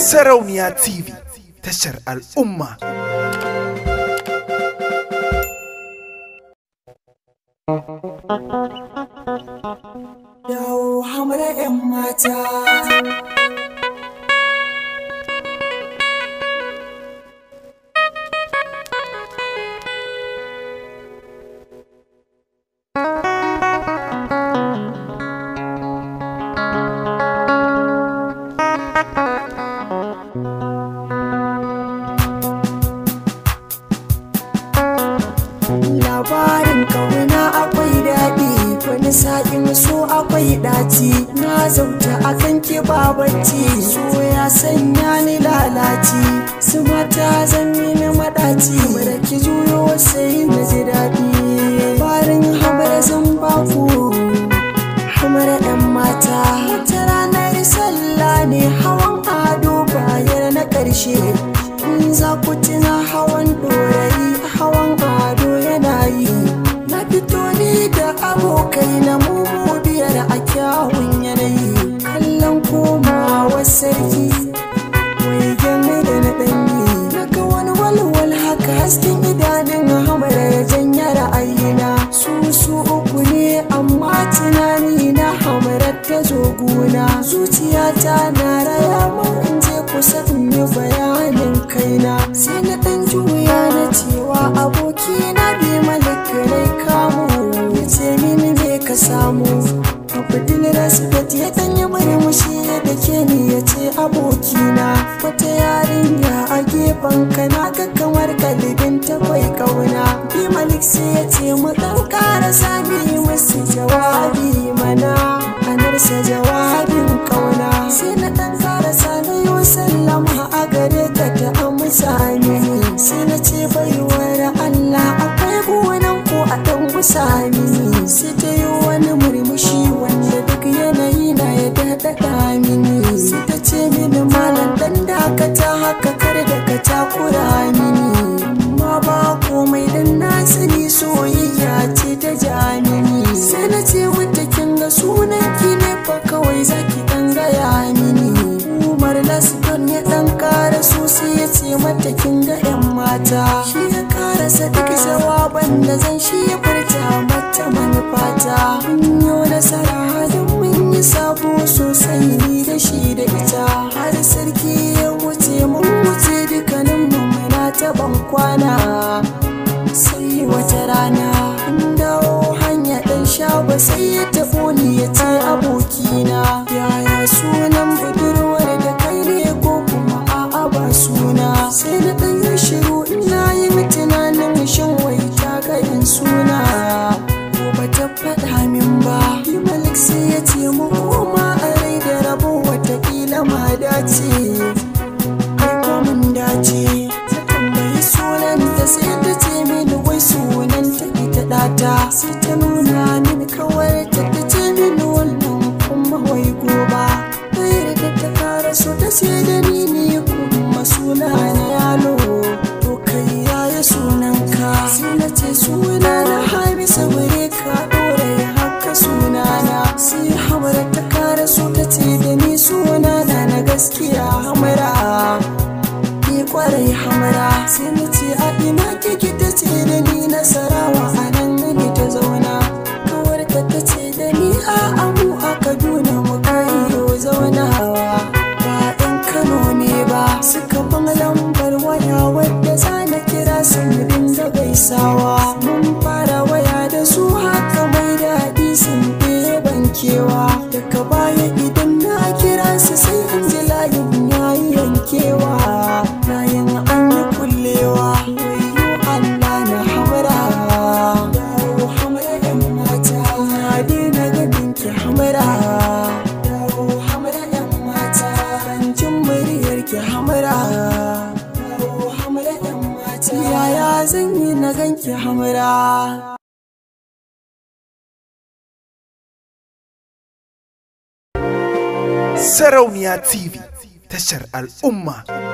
Sarauniya TV tashar al'umma. Yawo hamara 'yan mata. labarin kauna akwai daɗi wani sa'in so akwai ɗaci na zauta kan ke babanci so ya sanya ni lalaci su mata zan na maɗaci mara ki juyo sai na ji daɗi labarin habar zan baku hamar ɗan mata wata ranar sallah ne hawan ado bayar na ƙarshe in za ku tuna hawan ɗorayi hawan ado yana yi na fito ni da abokai na mu biyar a kyawun yanayi kallon komawa sarki wai gami da na ɗanyi na ga wani walwal haka hasken idanun hamara ya janya ra'ayina su su uku ne amma tunani na hamara ta zo gona zuciyata na raya ka samu Abdul Rasifat ya danyi murmushi da ke ni ya ce abokina Wata yarinya a gefen ka na ga kamar kalibin ta bai kauna Bi Malik sai ya ce mu dan ƙara sami musu jawabi mana sa jawabin kauna fata shi ya karasa duk jawaban zan shi ya furta mata manufata mun yi nasara hadin mun yi sabo sosai ni da shi da ita har sarki ya wuce mun wuce dukkanin mu muna ta ban kwana sai wata rana dawo hanya dan shago sai ya tafi da sai ta ce mini wai sunan ta ita ɗata sai ta nuna mini kawar ta ta ce mini wannan kuma wai goba bayar da ta fara so ta ce da ni ne kuma suna yalo to kai yaya sunan ka sai na ce suna na hamisa wai ina kike ta ce da ni nasarawa a nan ni ta zauna kawarta ta ce da ni a abu a kaduna mu kayo zaunawa ba in kano ne ba suka ban lambar waya wadda za na kira sun rinda gaisawa zan yi na ganki hamura. Sarauniya TV tashar al'umma